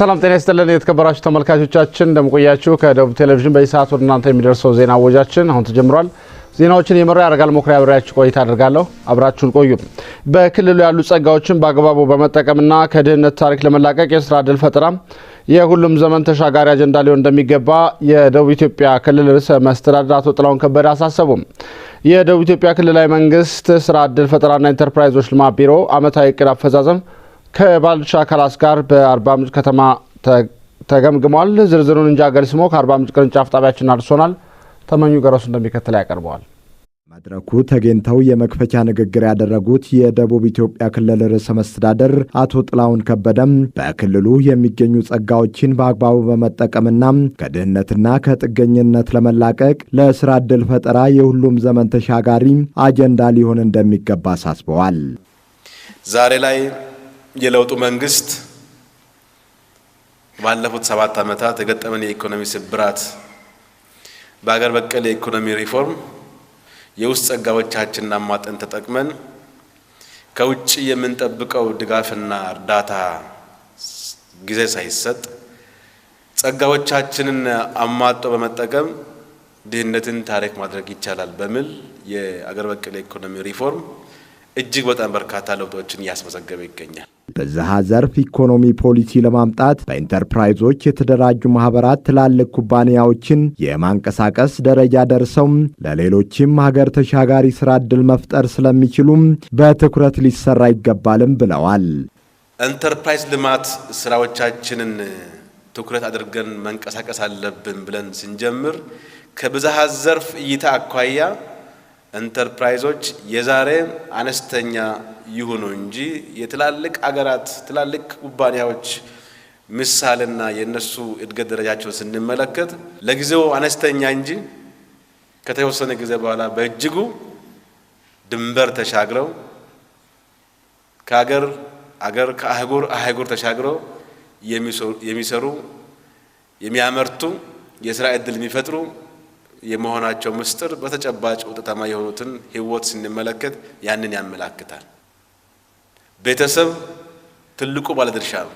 ሰላም ጤና ይስጥልን የተከበራችሁ ተመልካቾቻችን እንደምቆያችሁ። ከደቡብ ቴሌቪዥን በዚህ ሰዓት ወደ እናንተ የሚደርሰው ዜና አወጃችን አሁን ተጀምሯል። ዜናዎችን የመራ ያደርጋል ሞክሪያ አብሬያችሁ ቆይታ አድርጋለሁ። አብራችሁን ቆዩ። በክልሉ ያሉ ጸጋዎችን በአግባቡ በመጠቀምና ከድህነት ታሪክ ለመላቀቅ የስራ ዕድል ፈጠራ የሁሉም ዘመን ተሻጋሪ አጀንዳ ሊሆን እንደሚገባ የደቡብ ኢትዮጵያ ክልል ርዕሰ መስተዳድር አቶ ጥላሁን ከበደ አሳሰቡ። የደቡብ ኢትዮጵያ ክልላዊ መንግስት ስራ ዕድል ፈጠራና ኢንተርፕራይዞች ልማት ቢሮ አመታዊ እቅድ አፈጻጸም ከባለድርሻ አካላት ጋር በአርባ ምንጭ ከተማ ተገምግሟል። ዝርዝሩን እንጃገር ስሞ ከአርባ ምንጭ ቅርንጫፍ ጣቢያችን አድርሶናል። ተመኙ ገረሱ እንደሚከተል ያቀርበዋል። መድረኩ ተገኝተው የመክፈቻ ንግግር ያደረጉት የደቡብ ኢትዮጵያ ክልል ርዕሰ መስተዳደር አቶ ጥላሁን ከበደም በክልሉ የሚገኙ ጸጋዎችን በአግባቡ በመጠቀምና ከድህነትና ከጥገኝነት ለመላቀቅ ለስራ ዕድል ፈጠራ የሁሉም ዘመን ተሻጋሪ አጀንዳ ሊሆን እንደሚገባ አሳስበዋል። ዛሬ ላይ የለውጡ መንግስት ባለፉት ሰባት ዓመታት የገጠመን የኢኮኖሚ ስብራት በሀገር በቀል የኢኮኖሚ ሪፎርም የውስጥ ጸጋዎቻችንን አሟጠን ተጠቅመን ከውጭ የምንጠብቀው ድጋፍና እርዳታ ጊዜ ሳይሰጥ ጸጋዎቻችንን አሟጦ በመጠቀም ድህነትን ታሪክ ማድረግ ይቻላል በሚል የአገር በቀል የኢኮኖሚ ሪፎርም እጅግ በጣም በርካታ ለውጦችን እያስመዘገበ ይገኛል። ብዝሃ ዘርፍ ኢኮኖሚ ፖሊሲ ለማምጣት በኢንተርፕራይዞች የተደራጁ ማህበራት ትላልቅ ኩባንያዎችን የማንቀሳቀስ ደረጃ ደርሰው ለሌሎችም ሀገር ተሻጋሪ ስራ ዕድል መፍጠር ስለሚችሉም በትኩረት ሊሰራ ይገባልም ብለዋል። ኢንተርፕራይዝ ልማት ስራዎቻችንን ትኩረት አድርገን መንቀሳቀስ አለብን ብለን ስንጀምር ከብዝሃ ዘርፍ እይታ አኳያ ኢንተርፕራይዞች የዛሬ አነስተኛ ይሁኑ እንጂ የትላልቅ አገራት ትላልቅ ኩባንያዎች ምሳሌና የእነሱ እድገት ደረጃቸውን ስንመለከት ለጊዜው አነስተኛ እንጂ ከተወሰነ ጊዜ በኋላ በእጅጉ ድንበር ተሻግረው ከአገር አገር ከአህጉር አህጉር ተሻግረው የሚሰሩ የሚያመርቱ የስራ እድል የሚፈጥሩ የመሆናቸው ምስጢር በተጨባጭ ውጤታማ የሆኑትን ህይወት ስንመለከት ያንን ያመላክታል። ቤተሰብ ትልቁ ባለድርሻ ነው።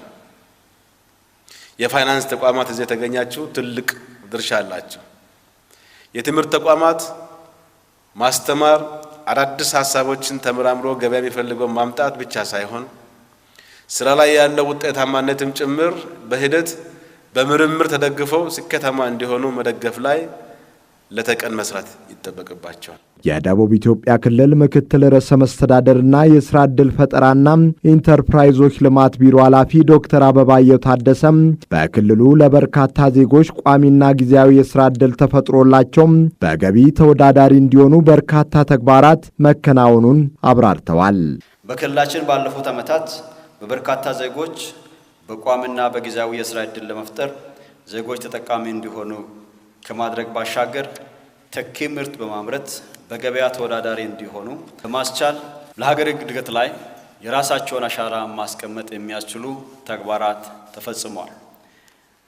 የፋይናንስ ተቋማት እዚህ የተገኛችሁ ትልቅ ድርሻ አላቸው። የትምህርት ተቋማት ማስተማር፣ አዳዲስ ሀሳቦችን ተመራምሮ ገበያ የሚፈልገውን ማምጣት ብቻ ሳይሆን ስራ ላይ ያለው ውጤታማነትም ጭምር በሂደት በምርምር ተደግፈው ስኬታማ እንዲሆኑ መደገፍ ላይ ለተቀን መስራት ይጠበቅባቸዋል። የደቡብ ኢትዮጵያ ክልል ምክትል ርዕሰ መስተዳደርና የስራ ዕድል ፈጠራና ኢንተርፕራይዞች ልማት ቢሮ ኃላፊ ዶክተር አበባየው ታደሰም በክልሉ ለበርካታ ዜጎች ቋሚና ጊዜያዊ የስራ ዕድል ተፈጥሮላቸው በገቢ ተወዳዳሪ እንዲሆኑ በርካታ ተግባራት መከናወኑን አብራርተዋል። በክልላችን ባለፉት ዓመታት በበርካታ ዜጎች በቋሚና በጊዜያዊ የስራ ዕድል ለመፍጠር ዜጎች ተጠቃሚ እንዲሆኑ ከማድረግ ባሻገር ተኪ ምርት በማምረት በገበያ ተወዳዳሪ እንዲሆኑ በማስቻል ለሀገር እድገት ላይ የራሳቸውን አሻራ ማስቀመጥ የሚያስችሉ ተግባራት ተፈጽመዋል።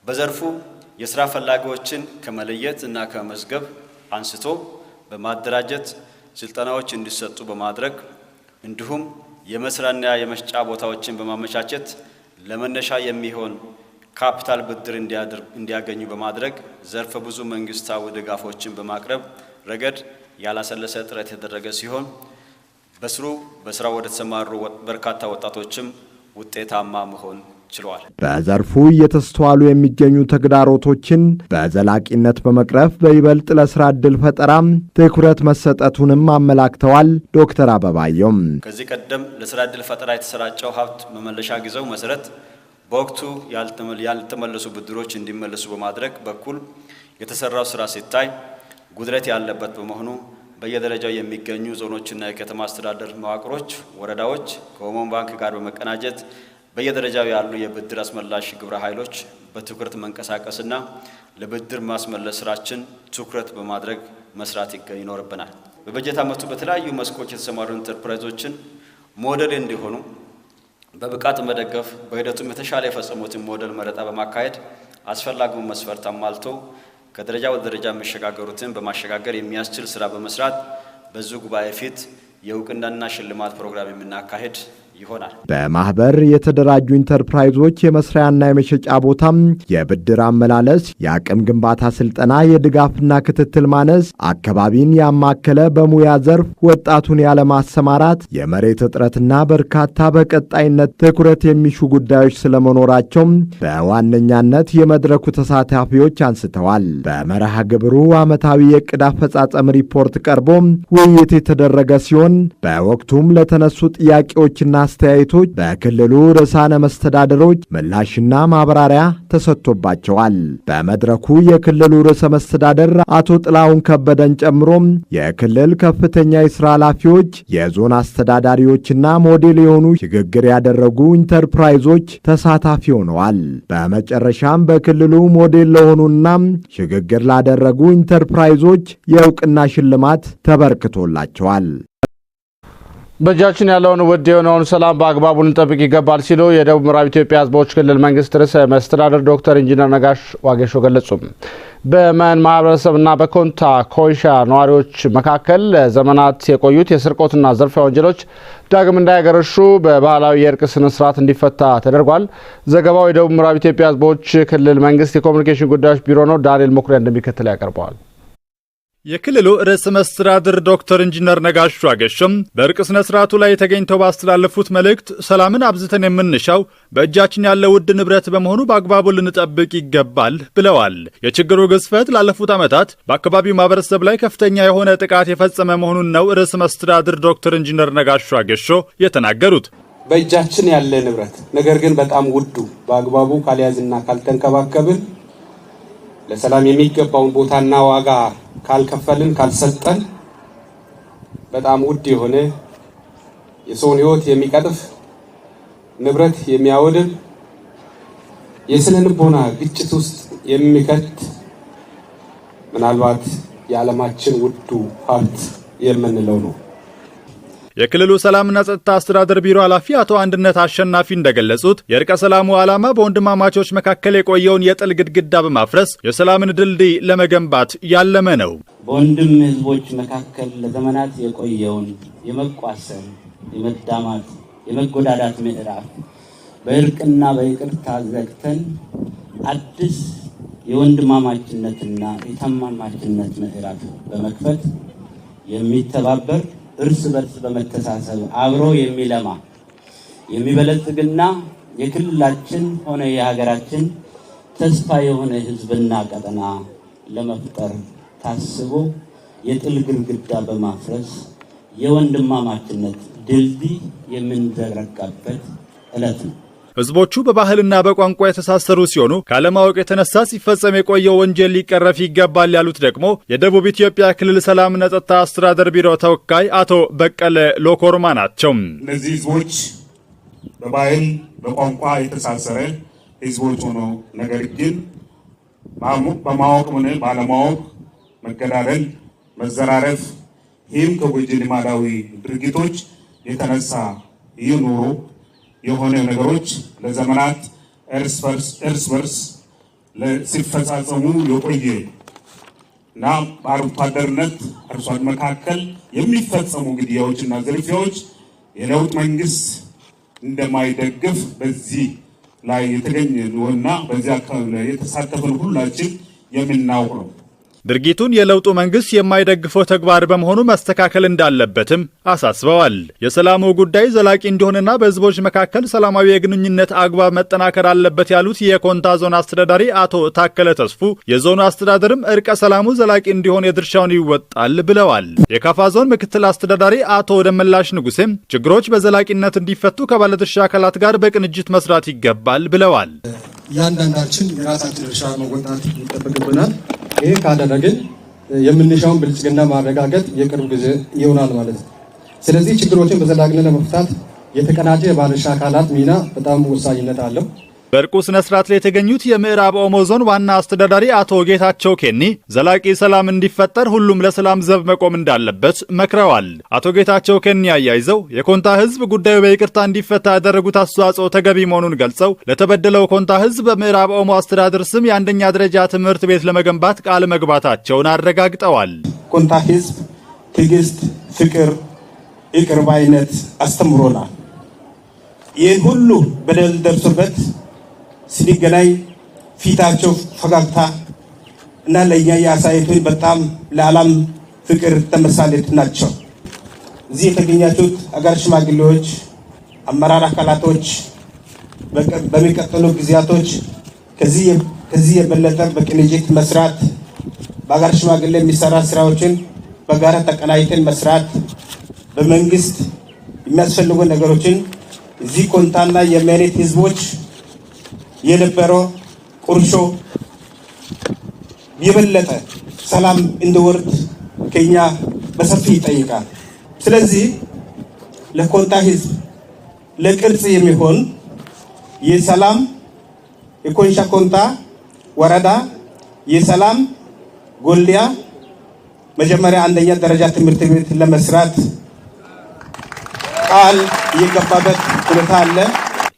በዘርፉ የስራ ፈላጊዎችን ከመለየት እና ከመዝገብ አንስቶ በማደራጀት ስልጠናዎች እንዲሰጡ በማድረግ እንዲሁም የመስሪያና የመሸጫ ቦታዎችን በማመቻቸት ለመነሻ የሚሆን ካፒታል ብድር እንዲያገኙ በማድረግ ዘርፈ ብዙ መንግስታዊ ድጋፎችን በማቅረብ ረገድ ያላሰለሰ ጥረት የተደረገ ሲሆን በስሩ በስራ ወደ ተሰማሩ በርካታ ወጣቶችም ውጤታማ መሆን ችሏል። በዘርፉ እየተስተዋሉ የሚገኙ ተግዳሮቶችን በዘላቂነት በመቅረፍ በይበልጥ ለስራ ዕድል ፈጠራም ትኩረት መሰጠቱንም አመላክተዋል። ዶክተር አበባየውም ከዚህ ቀደም ለስራ ዕድል ፈጠራ የተሰራጨው ሀብት መመለሻ ጊዜው መሰረት በወቅቱ ያልተመለሱ ብድሮች እንዲመለሱ በማድረግ በኩል የተሰራው ስራ ሲታይ ጉድለት ያለበት በመሆኑ በየደረጃው የሚገኙ ዞኖችና የከተማ አስተዳደር መዋቅሮች፣ ወረዳዎች ከሆሞን ባንክ ጋር በመቀናጀት በየደረጃው ያሉ የብድር አስመላሽ ግብረ ኃይሎች በትኩረት መንቀሳቀስና ለብድር ማስመለስ ስራችን ትኩረት በማድረግ መስራት ይኖርብናል። በበጀት ዓመቱ በተለያዩ መስኮች የተሰማሩ ኢንተርፕራይዞችን ሞዴል እንዲሆኑ በብቃት መደገፍ፣ በሂደቱም የተሻለ የፈጸሙትን ሞዴል መረጣ በማካሄድ አስፈላጊውን መስፈርት አሟልቶ ከደረጃ ወደ ደረጃ የሚሸጋገሩትን በማሸጋገር የሚያስችል ስራ በመስራት በዚሁ ጉባኤ ፊት የእውቅናና ሽልማት ፕሮግራም የምናካሄድ ይሆናል። በማህበር የተደራጁ ኢንተርፕራይዞች የመስሪያና የመሸጫ ቦታም፣ የብድር አመላለስ፣ የአቅም ግንባታ ስልጠና፣ የድጋፍና ክትትል ማነስ፣ አካባቢን ያማከለ በሙያ ዘርፍ ወጣቱን ያለማሰማራት፣ የመሬት እጥረትና በርካታ በቀጣይነት ትኩረት የሚሹ ጉዳዮች ስለመኖራቸውም በዋነኛነት የመድረኩ ተሳታፊዎች አንስተዋል። በመርሃ ግብሩ ዓመታዊ የዕቅድ አፈጻጸም ሪፖርት ቀርቦ ውይይት የተደረገ ሲሆን በወቅቱም ለተነሱ ጥያቄዎችና አስተያየቶች በክልሉ ርዕሳነ መስተዳደሮች ምላሽና ማብራሪያ ተሰጥቶባቸዋል። በመድረኩ የክልሉ ርዕሰ መስተዳደር አቶ ጥላሁን ከበደን ጨምሮም የክልል ከፍተኛ የስራ ኃላፊዎች፣ የዞን አስተዳዳሪዎችና ሞዴል የሆኑ ሽግግር ያደረጉ ኢንተርፕራይዞች ተሳታፊ ሆነዋል። በመጨረሻም በክልሉ ሞዴል ለሆኑና ሽግግር ላደረጉ ኢንተርፕራይዞች የእውቅና ሽልማት ተበርክቶላቸዋል። በእጃችን ያለውን ውድ የሆነውን ሰላም በአግባቡ ልንጠብቅ ይገባል ሲሉ የደቡብ ምዕራብ ኢትዮጵያ ህዝቦች ክልል መንግስት ርዕሰ መስተዳደር ዶክተር ኢንጂነር ነጋሽ ዋጌሾ ገለጹ። በመን ማህበረሰብና በኮንታ ኮይሻ ነዋሪዎች መካከል ለዘመናት የቆዩት የስርቆትና ዝርፊያ ወንጀሎች ዳግም እንዳያገረሹ በባህላዊ የእርቅ ስነ ስርዓት እንዲፈታ ተደርጓል። ዘገባው የደቡብ ምዕራብ ኢትዮጵያ ህዝቦች ክልል መንግስት የኮሚኒኬሽን ጉዳዮች ቢሮ ነው። ዳንኤል መኩሪያ እንደሚከተል ያቀርበዋል። የክልሉ ርዕሰ መስተዳድር ዶክተር ኢንጂነር ነጋሽ ዋጌሾም በእርቅ ስነ ስርዓቱ ላይ ተገኝተው ባስተላለፉት መልእክት ሰላምን አብዝተን የምንሻው በእጃችን ያለ ውድ ንብረት በመሆኑ በአግባቡ ልንጠብቅ ይገባል ብለዋል። የችግሩ ግዝፈት ላለፉት ዓመታት በአካባቢው ማህበረሰብ ላይ ከፍተኛ የሆነ ጥቃት የፈጸመ መሆኑን ነው ርዕሰ መስተዳድር ዶክተር ኢንጂነር ነጋሽ ዋጌሾ የተናገሩት። በእጃችን ያለ ንብረት ነገር ግን በጣም ውዱ በአግባቡ ካልያዝና ካልተንከባከብን ለሰላም የሚገባውን ቦታና ዋጋ ካልከፈልን ካልሰጠን በጣም ውድ የሆነ የሰውን ሕይወት የሚቀጥፍ ንብረት የሚያወድም የስነ ልቦና ግጭት ውስጥ የሚከት ምናልባት የዓለማችን ውዱ ሀብት የምንለው ነው። የክልሉ ሰላምና ጸጥታ አስተዳደር ቢሮ ኃላፊ አቶ አንድነት አሸናፊ እንደገለጹት የእርቀ ሰላሙ ዓላማ በወንድማማቾች መካከል የቆየውን የጥል ግድግዳ በማፍረስ የሰላምን ድልድይ ለመገንባት ያለመ ነው። በወንድም ህዝቦች መካከል ለዘመናት የቆየውን የመቋሰል፣ የመዳማት፣ የመጎዳዳት ምዕራፍ በእርቅና በይቅርታ ዘግተን አዲስ የወንድማማችነትና የታማማችነት ምዕራፍ በመክፈት የሚተባበር እርስ በርስ በመተሳሰብ አብሮ የሚለማ የሚበለጽግና የክልላችን ሆነ የሀገራችን ተስፋ የሆነ ህዝብና ቀጠና ለመፍጠር ታስቦ የጥል ግድግዳ በማፍረስ የወንድማማችነት ድልድይ የምንዘረጋበት ዕለት ነው። ህዝቦቹ በባህልና በቋንቋ የተሳሰሩ ሲሆኑ ካለማወቅ የተነሳ ሲፈጸም የቆየው ወንጀል ሊቀረፍ ይገባል ያሉት ደግሞ የደቡብ ኢትዮጵያ ክልል ሰላምና ጸጥታ አስተዳደር ቢሮ ተወካይ አቶ በቀለ ሎኮርማ ናቸው። እነዚህ ህዝቦች በባህል በቋንቋ የተሳሰረ ህዝቦች ሆኖ ነገር ግን በማወቅ ሆነ ባለማወቅ መገዳደል፣ መዘራረፍ ይህም ከጎጂ ልማዳዊ ድርጊቶች የተነሳ ይህ ኑሮ የሆነ ነገሮች ለዘመናት እርስ በርስ ሲፈጻጸሙ የቆየ እና በአርብቶ አደርነት አርሶ አደር መካከል የሚፈጸሙ ግድያዎችና ዝርፊያዎች የለውጥ መንግስት እንደማይደግፍ በዚህ ላይ የተገኘ እና በዚህ አካባቢ ላይ የተሳተፈን ሁላችን የምናውቅ ነው። ድርጊቱን የለውጡ መንግስት የማይደግፈው ተግባር በመሆኑ መስተካከል እንዳለበትም አሳስበዋል። የሰላሙ ጉዳይ ዘላቂ እንዲሆንና በህዝቦች መካከል ሰላማዊ የግንኙነት አግባብ መጠናከር አለበት ያሉት የኮንታ ዞን አስተዳዳሪ አቶ ታከለ ተስፉ የዞኑ አስተዳደርም እርቀ ሰላሙ ዘላቂ እንዲሆን የድርሻውን ይወጣል ብለዋል። የካፋ ዞን ምክትል አስተዳዳሪ አቶ ደመላሽ ንጉሴም ችግሮች በዘላቂነት እንዲፈቱ ከባለድርሻ አካላት ጋር በቅንጅት መስራት ይገባል ብለዋል። እያንዳንዳችን የራሳችን ድርሻ መወጣት ይጠበቅብናል። ይሄ ካደረግን የምንሻውን ብልጽግና ማረጋገጥ የቅርብ ጊዜ ይሆናል ማለት ነው። ስለዚህ ችግሮችን በዘላቂነት ለመፍታት የተቀናጀ የባለድርሻ አካላት ሚና በጣም ወሳኝነት አለው። በእርቁ ስነ ስርዓት ላይ የተገኙት የምዕራብ ኦሞ ዞን ዋና አስተዳዳሪ አቶ ጌታቸው ኬኒ ዘላቂ ሰላም እንዲፈጠር ሁሉም ለሰላም ዘብ መቆም እንዳለበት መክረዋል። አቶ ጌታቸው ኬኒ አያይዘው የኮንታ ህዝብ ጉዳዩ በይቅርታ እንዲፈታ ያደረጉት አስተዋጽኦ ተገቢ መሆኑን ገልጸው ለተበደለው ኮንታ ህዝብ በምዕራብ ኦሞ አስተዳደር ስም የአንደኛ ደረጃ ትምህርት ቤት ለመገንባት ቃል መግባታቸውን አረጋግጠዋል። ኮንታ ህዝብ ትዕግስት፣ ፍቅር፣ ይቅርባይነት አስተምሮናል። ይህ ሁሉ በደል ደርሶበት ስንገናኝ ፊታቸው ፈገግታ እና ለእኛ የአሳየቱን በጣም ለዓለም ፍቅር ተመሳሌት ናቸው። እዚህ የተገኛችሁት አገር ሽማግሌዎች፣ አመራር አካላቶች በሚቀጥሉ ጊዜያቶች ከዚህ የበለጠ በቅንጅት መስራት በአገር ሽማግሌ የሚሰራ ስራዎችን በጋራ ተቀናይተን መስራት በመንግስት የሚያስፈልጉ ነገሮችን እዚህ ኮንታና የመሬት ህዝቦች የነበረው ቁርሾ የበለጠ ሰላም እንዲወርድ ከኛ በሰፊ ይጠይቃል። ስለዚህ ለኮንታ ህዝብ ለቅርጽ የሚሆን የሰላም የኮንሻ ኮንታ ወረዳ የሰላም ጎልያ መጀመሪያ አንደኛ ደረጃ ትምህርት ቤት ለመስራት ቃል የገባበት ሁኔታ አለ።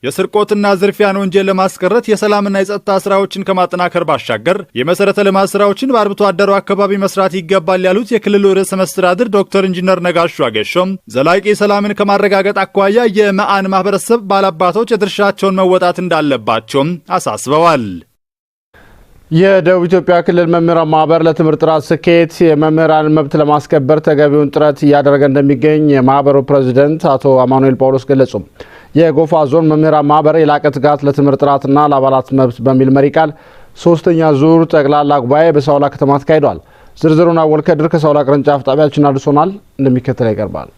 የስርቆትና ዝርፊያን ወንጀል ለማስቀረት የሰላምና የጸጥታ ስራዎችን ከማጠናከር ባሻገር የመሰረተ ልማት ስራዎችን በአርብቶ አደሩ አካባቢ መስራት ይገባል ያሉት የክልሉ ርዕሰ መስተዳድር ዶክተር ኢንጂነር ነጋሹ አገሾም ዘላቂ ሰላምን ከማረጋገጥ አኳያ የመአን ማህበረሰብ ባላባቶች የድርሻቸውን መወጣት እንዳለባቸውም አሳስበዋል። የደቡብ ኢትዮጵያ ክልል መምህራን ማህበር ለትምህርት ጥራት ስኬት የመምህራን መብት ለማስከበር ተገቢውን ጥረት እያደረገ እንደሚገኝ የማህበሩ ፕሬዚደንት አቶ አማኑኤል ጳውሎስ ገለጹም። የጎፋ ዞን መምህራን ማህበር የላቀ ትጋት ለትምህርት ጥራትና ለአባላት መብት በሚል መሪ ቃል ሶስተኛ ዙር ጠቅላላ ጉባኤ በሳውላ ከተማ ተካሂዷል። ዝርዝሩን አወልከድር ከሳውላ ቅርንጫፍ ጣቢያችን አድርሶናል፣ እንደሚከተል ይቀርባል።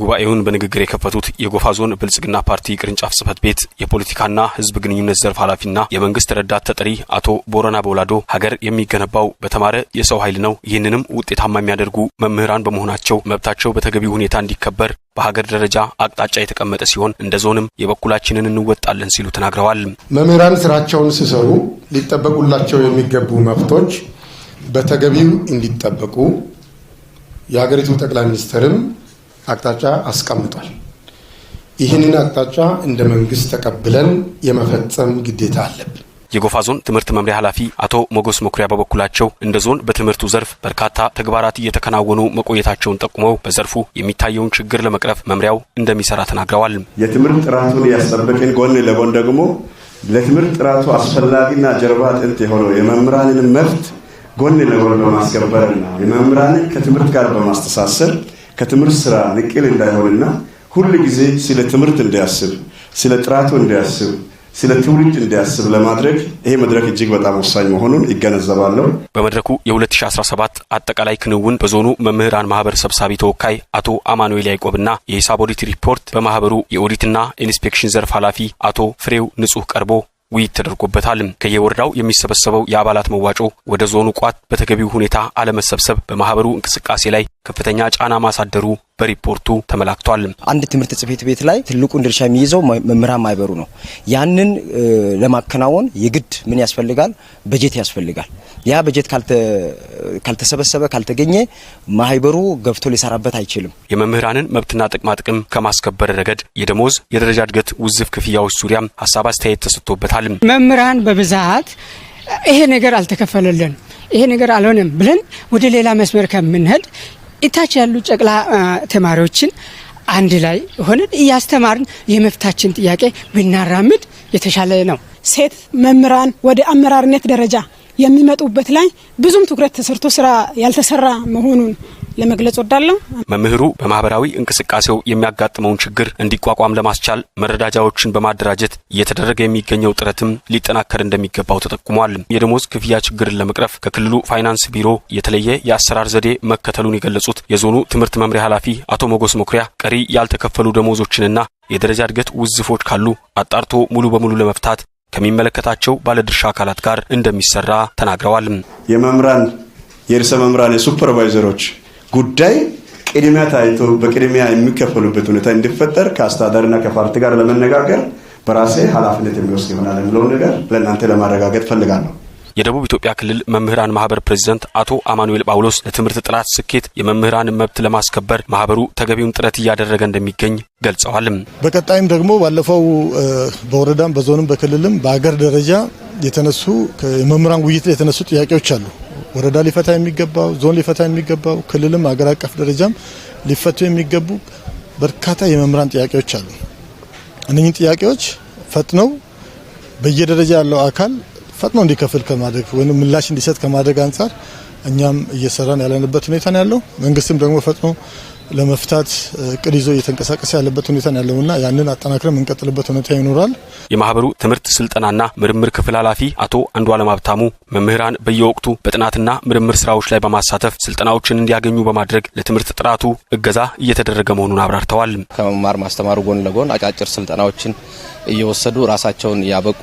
ጉባኤውን በንግግር የከፈቱት የጎፋ ዞን ብልጽግና ፓርቲ ቅርንጫፍ ጽህፈት ቤት የፖለቲካና ህዝብ ግንኙነት ዘርፍ ኃላፊና የመንግስት ረዳት ተጠሪ አቶ ቦረና በውላዶ ሀገር የሚገነባው በተማረ የሰው ኃይል ነው፣ ይህንንም ውጤታማ የሚያደርጉ መምህራን በመሆናቸው መብታቸው በተገቢው ሁኔታ እንዲከበር በሀገር ደረጃ አቅጣጫ የተቀመጠ ሲሆን እንደ ዞንም የበኩላችንን እንወጣለን ሲሉ ተናግረዋል። መምህራን ስራቸውን ሲሰሩ ሊጠበቁላቸው የሚገቡ መብቶች በተገቢው እንዲጠበቁ የሀገሪቱ ጠቅላይ ሚኒስትርም አቅጣጫ አስቀምጧል። ይህንን አቅጣጫ እንደ መንግስት ተቀብለን የመፈጸም ግዴታ አለብን። የጎፋ ዞን ትምህርት መምሪያ ኃላፊ አቶ ሞገስ መኩሪያ በበኩላቸው እንደ ዞን በትምህርቱ ዘርፍ በርካታ ተግባራት እየተከናወኑ መቆየታቸውን ጠቁመው በዘርፉ የሚታየውን ችግር ለመቅረፍ መምሪያው እንደሚሰራ ተናግረዋል። የትምህርት ጥራቱን ያስጠበቅን ጎን ለጎን ደግሞ ለትምህርት ጥራቱ አስፈላጊና ጀርባ አጥንት የሆነው የመምህራንን መብት ጎን ለጎን በማስከበርና የመምህራንን ከትምህርት ጋር በማስተሳሰር ከትምህርት ስራ ንቅል እንዳይሆንና ሁል ጊዜ ስለ ትምህርት እንዲያስብ፣ ስለ ጥራቱ እንዲያስብ፣ ስለ ትውልድ እንዲያስብ ለማድረግ ይሄ መድረክ እጅግ በጣም ወሳኝ መሆኑን ይገነዘባለሁ። በመድረኩ የ2017 አጠቃላይ ክንውን በዞኑ መምህራን ማህበር ሰብሳቢ ተወካይ አቶ አማኑኤል ያይቆብና የሂሳብ ኦዲት ሪፖርት በማህበሩ የኦዲትና ኢንስፔክሽን ዘርፍ ኃላፊ አቶ ፍሬው ንጹህ ቀርቦ ውይይት ተደርጎበታል። ከየወረዳው የሚሰበሰበው የአባላት መዋጮ ወደ ዞኑ ቋት በተገቢው ሁኔታ አለመሰብሰብ በማህበሩ እንቅስቃሴ ላይ ከፍተኛ ጫና ማሳደሩ በሪፖርቱ ተመላክቷል። አንድ ትምህርት ጽሕፈት ቤት ላይ ትልቁን ድርሻ የሚይዘው መምህራን ማይበሩ ነው። ያንን ለማከናወን የግድ ምን ያስፈልጋል? በጀት ያስፈልጋል። ያ በጀት ካልተሰበሰበ ካልተገኘ ማህበሩ ገብቶ ሊሰራበት አይችልም። የመምህራንን መብትና ጥቅም ከማስከበር ረገድ የደሞዝ የደረጃ እድገት ውዝፍ ክፍያዎች ዙሪያም ሀሳብ አስተያየት ተሰጥቶበታል። መምህራን በብዛት ይሄ ነገር አልተከፈለልን ይሄ ነገር አልሆነም ብለን ወደ ሌላ መስመር ከምንሄድ እታች ያሉ ጨቅላ ተማሪዎችን አንድ ላይ ሆነን እያስተማርን የመፍታችን ጥያቄ ብናራምድ የተሻለ ነው። ሴት መምህራን ወደ አመራርነት ደረጃ የሚመጡበት ላይ ብዙም ትኩረት ተሰርቶ ስራ ያልተሰራ መሆኑን ለመግለጽ ወዳለው መምህሩ በማህበራዊ እንቅስቃሴው የሚያጋጥመውን ችግር እንዲቋቋም ለማስቻል መረዳጃዎችን በማደራጀት እየተደረገ የሚገኘው ጥረትም ሊጠናከር እንደሚገባው ተጠቁሟል። የደሞዝ ክፍያ ችግርን ለመቅረፍ ከክልሉ ፋይናንስ ቢሮ የተለየ የአሰራር ዘዴ መከተሉን የገለጹት የዞኑ ትምህርት መምሪያ ኃላፊ አቶ ሞጎስ መኩሪያ ቀሪ ያልተከፈሉ ደሞዞችንና የደረጃ እድገት ውዝፎች ካሉ አጣርቶ ሙሉ በሙሉ ለመፍታት ከሚመለከታቸው ባለድርሻ አካላት ጋር እንደሚሰራ ተናግረዋል። የመምህራን የርዕሰ መምህራን የሱፐርቫይዘሮች ጉዳይ ቅድሚያ ታይቶ በቅድሚያ የሚከፈሉበት ሁኔታ እንዲፈጠር ከአስተዳደርና ከፓርቲ ጋር ለመነጋገር በራሴ ኃላፊነት የሚወስድ ይሆናል የሚለውን ነገር ለእናንተ ለማረጋገጥ ፈልጋለሁ። የደቡብ ኢትዮጵያ ክልል መምህራን ማህበር ፕሬዚደንት አቶ አማኑኤል ጳውሎስ ለትምህርት ጥራት ስኬት የመምህራን መብት ለማስከበር ማህበሩ ተገቢውን ጥረት እያደረገ እንደሚገኝ ገልጸዋል። በቀጣይም ደግሞ ባለፈው በወረዳም በዞንም በክልልም በአገር ደረጃ የተነሱ የመምህራን ውይይት ላይ የተነሱ ጥያቄዎች አሉ። ወረዳ ሊፈታ የሚገባው ዞን ሊፈታ የሚገባው ክልልም አገር አቀፍ ደረጃም ሊፈቱ የሚገቡ በርካታ የመምህራን ጥያቄዎች አሉ። እነኝህ ጥያቄዎች ፈጥነው በየደረጃ ያለው አካል ፈጥኖ እንዲከፍል ከማድረግ ወይም ምላሽ እንዲሰጥ ከማድረግ አንጻር እኛም እየሰራን ያለንበት ሁኔታ ነው ያለው። መንግስትም ደግሞ ፈጥኖ ለመፍታት እቅድ ይዞ እየተንቀሳቀሰ ያለበት ሁኔታ ነው ያለውና ያንን አጠናክረ የምንቀጥልበት ሁኔታ ይኖራል። የማህበሩ ትምህርት ስልጠናና ምርምር ክፍል ኃላፊ አቶ አንዱ አለማብታሙ ሀብታሙ መምህራን በየወቅቱ በጥናትና ምርምር ስራዎች ላይ በማሳተፍ ስልጠናዎችን እንዲያገኙ በማድረግ ለትምህርት ጥራቱ እገዛ እየተደረገ መሆኑን አብራርተዋል። ከመማር ማስተማሩ ጎን ለጎን አጫጭር ስልጠናዎችን እየወሰዱ ራሳቸውን እያበቁ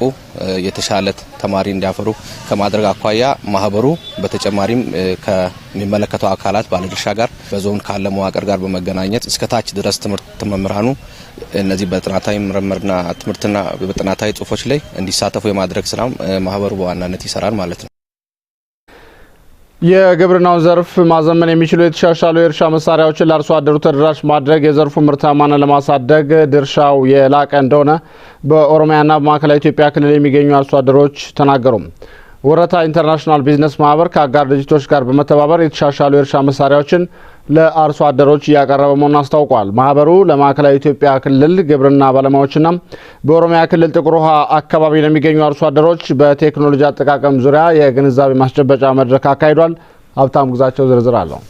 የተሻለ ተማሪ እንዲያፈሩ ከማድረግ አኳያ ማህበሩ በተጨማሪም የሚመለከተው አካላት ባለድርሻ ጋር በዞን ካለ መዋቅር ጋር በመገናኘት እስከ ታች ድረስ ትምህርት መምህራኑ እነዚህ በጥናታዊ ምርምርና ትምህርትና በጥናታዊ ጽሁፎች ላይ እንዲሳተፉ የማድረግ ስራም ማህበሩ በዋናነት ይሰራል ማለት ነው። የግብርናውን ዘርፍ ማዘመን የሚችሉ የተሻሻሉ የእርሻ መሳሪያዎችን ለአርሶ አደሩ ተደራሽ ማድረግ የዘርፉ ምርታማነት ለማሳደግ ድርሻው የላቀ እንደሆነ በኦሮሚያና በማዕከላዊ ኢትዮጵያ ክልል የሚገኙ አርሶ አደሮች ተናገሩ። ወረታ ኢንተርናሽናል ቢዝነስ ማህበር ከአጋር ድርጅቶች ጋር በመተባበር የተሻሻሉ የእርሻ መሳሪያዎችን ለአርሶ አደሮች እያቀረበ መሆኑን አስታውቋል። ማህበሩ ለማዕከላዊ ኢትዮጵያ ክልል ግብርና ባለሙያዎችና በኦሮሚያ ክልል ጥቁር ውሃ አካባቢ ለሚገኙ አርሶ አደሮች በቴክኖሎጂ አጠቃቀም ዙሪያ የግንዛቤ ማስጨበጫ መድረክ አካሂዷል። ሀብታም ግዛቸው ዝርዝር አለው።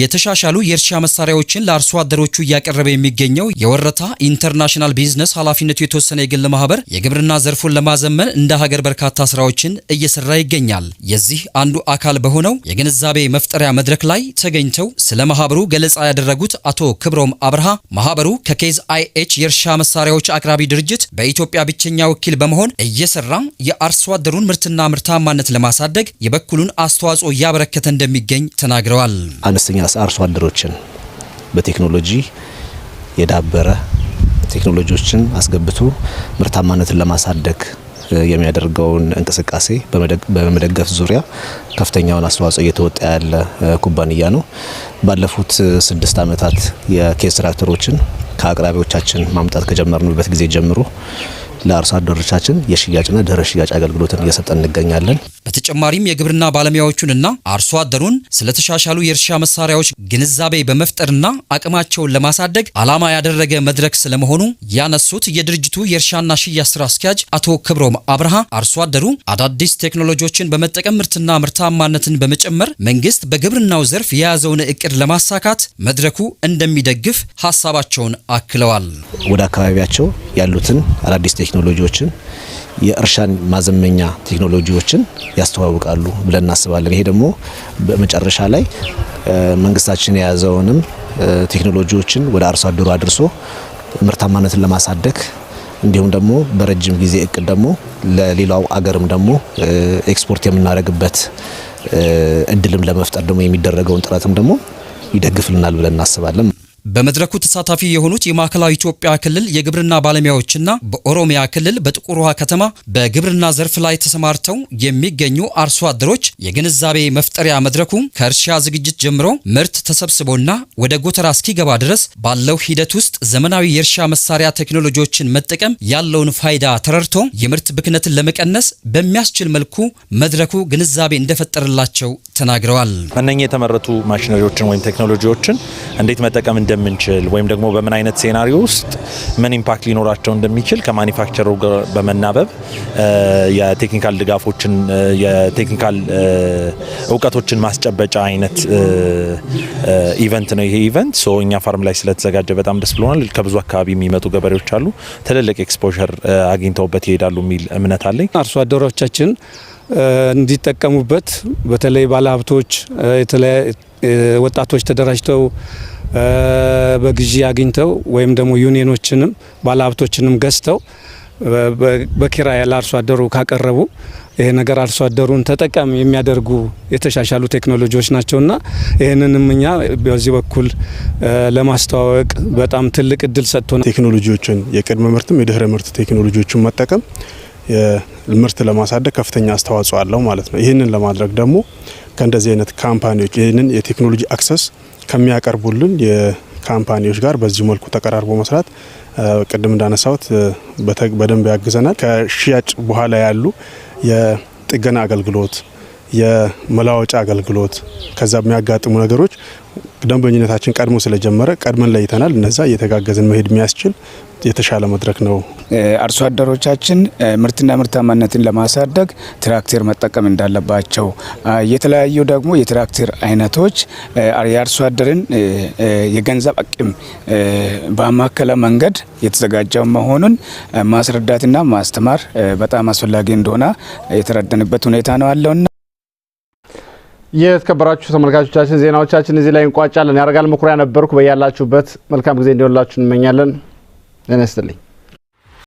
የተሻሻሉ የእርሻ መሳሪያዎችን ለአርሶ አደሮቹ እያቀረበ የሚገኘው የወረታ ኢንተርናሽናል ቢዝነስ ኃላፊነቱ የተወሰነ የግል ማህበር የግብርና ዘርፉን ለማዘመን እንደ ሀገር በርካታ ስራዎችን እየሰራ ይገኛል። የዚህ አንዱ አካል በሆነው የግንዛቤ መፍጠሪያ መድረክ ላይ ተገኝተው ስለ ማህበሩ ገለጻ ያደረጉት አቶ ክብሮም አብርሃ ማህበሩ ከኬዝ አይኤች የእርሻ መሳሪያዎች አቅራቢ ድርጅት በኢትዮጵያ ብቸኛ ወኪል በመሆን እየሰራ የአርሶ አደሩን ምርትና ምርታማነት ለማሳደግ የበኩሉን አስተዋጽኦ እያበረከተ እንደሚገኝ ተናግረዋል። አርሶ አደሮችን በቴክኖሎጂ የዳበረ ቴክኖሎጂዎችን አስገብቶ ምርታማነትን ለማሳደግ የሚያደርገውን እንቅስቃሴ በመደገፍ ዙሪያ ከፍተኛውን አስተዋጽኦ እየተወጣ ያለ ኩባንያ ነው። ባለፉት ስድስት ዓመታት የኬዝ ትራክተሮችን ከአቅራቢዎቻችን ማምጣት ከጀመርንበት ጊዜ ጀምሮ ለአርሶ አደሮቻችን የሽያጭና ድህረ ሽያጭ አገልግሎትን እየሰጠን እንገኛለን። በተጨማሪም የግብርና ባለሙያዎቹንና አርሶ አደሩን ስለተሻሻሉ የእርሻ መሳሪያዎች ግንዛቤ በመፍጠርና አቅማቸውን ለማሳደግ ዓላማ ያደረገ መድረክ ስለመሆኑ ያነሱት የድርጅቱ የእርሻና ሽያጭ ስራ አስኪያጅ አቶ ክብሮም አብርሃ አርሶ አደሩ አዳዲስ ቴክኖሎጂዎችን በመጠቀም ምርትና ምርታማነትን በመጨመር መንግስት በግብርናው ዘርፍ የያዘውን እቅድ ለማሳካት መድረኩ እንደሚደግፍ ሀሳባቸውን አክለዋል። ወደ አካባቢያቸው ያሉትን አዳዲስ ቴክኖሎጂዎችን የእርሻን ማዘመኛ ቴክኖሎጂዎችን ያስተዋውቃሉ ብለን እናስባለን። ይሄ ደግሞ በመጨረሻ ላይ መንግስታችን የያዘውንም ቴክኖሎጂዎችን ወደ አርሶ አደሩ አድርሶ ምርታማነትን ለማሳደግ እንዲሁም ደግሞ በረጅም ጊዜ እቅድ ደግሞ ለሌላው አገርም ደግሞ ኤክስፖርት የምናደርግበት እድልም ለመፍጠር ደግሞ የሚደረገውን ጥረትም ደግሞ ይደግፍልናል ብለን እናስባለን። በመድረኩ ተሳታፊ የሆኑት የማዕከላዊ ኢትዮጵያ ክልል የግብርና ባለሙያዎችና በኦሮሚያ ክልል በጥቁር ውሃ ከተማ በግብርና ዘርፍ ላይ ተሰማርተው የሚገኙ አርሶ አደሮች የግንዛቤ መፍጠሪያ መድረኩ ከእርሻ ዝግጅት ጀምሮ ምርት ተሰብስቦና ወደ ጎተራ እስኪገባ ድረስ ባለው ሂደት ውስጥ ዘመናዊ የእርሻ መሳሪያ ቴክኖሎጂዎችን መጠቀም ያለውን ፋይዳ ተረድቶ የምርት ብክነትን ለመቀነስ በሚያስችል መልኩ መድረኩ ግንዛቤ እንደፈጠረላቸው ተናግረዋል። እነኚህ የተመረቱ ማሽነሪዎችን ወይም ቴክኖሎጂዎችን እንዴት መጠቀም እንደምንችል ወይም ደግሞ በምን አይነት ሴናሪዮ ውስጥ ምን ኢምፓክት ሊኖራቸው እንደሚችል ከማኒፋክቸሩ ጋር በመናበብ የቴክኒካል ድጋፎችን የቴክኒካል እውቀቶችን ማስጨበጫ አይነት ኢቨንት ነው ይሄ ኢቨንት። ሶ እኛ ፋርም ላይ ስለተዘጋጀ በጣም ደስ ብሎናል። ከብዙ አካባቢ የሚመጡ ገበሬዎች አሉ፣ ትልልቅ ኤክስፖዠር አግኝተውበት ይሄዳሉ የሚል እምነት አለኝ። አርሶ አደሮቻችን እንዲጠቀሙበት በተለይ ባለሀብቶች፣ ወጣቶች ተደራጅተው በግዢ አግኝተው ወይም ደግሞ ዩኒየኖችንም ባለሀብቶችንም ገዝተው በኪራይ ለአርሶ አደሩ ካቀረቡ ይሄ ነገር አርሶ አደሩን ተጠቃሚ የሚያደርጉ የተሻሻሉ ቴክኖሎጂዎች ናቸውና ይህንንም እኛ በዚህ በኩል ለማስተዋወቅ በጣም ትልቅ እድል ሰጥቶናል። ቴክኖሎጂዎችን የቅድመ ምርትም የድህረ ምርት ቴክኖሎጂዎችን መጠቀም ምርት ለማሳደግ ከፍተኛ አስተዋጽኦ አለው ማለት ነው። ይህንን ለማድረግ ደግሞ ከእንደዚህ አይነት ካምፓኒዎች ይህንን የቴክኖሎጂ አክሰስ ከሚያቀርቡልን የካምፓኒዎች ጋር በዚህ መልኩ ተቀራርቦ መስራት ቅድም እንዳነሳሁት በደንብ ያግዘናል። ከሽያጭ በኋላ ያሉ የጥገና አገልግሎት የመለዋወጫ አገልግሎት ከዛ የሚያጋጥሙ ነገሮች ደንበኝነታችን ቀድሞ ስለጀመረ ቀድመን ለይተናል። እነዛ እየተጋገዝን መሄድ የሚያስችል የተሻለ መድረክ ነው። አርሶ አደሮቻችን ምርትና ምርታማነትን ለማሳደግ ትራክተር መጠቀም እንዳለባቸው የተለያዩ ደግሞ የትራክተር አይነቶች የአርሶ አደርን የገንዘብ አቅም በማከለ መንገድ የተዘጋጀው መሆኑን ማስረዳትና ማስተማር በጣም አስፈላጊ እንደሆነ የተረዳንበት ሁኔታ ነው አለውና የተከበራችሁ ተመልካቾቻችን ዜናዎቻችን እዚህ ላይ እንቋጫለን። ያረጋል መኩሪያ ነበርኩ። በያላችሁበት መልካም ጊዜ እንዲሆንላችሁ እንመኛለን። ጤና ይስጥልኝ።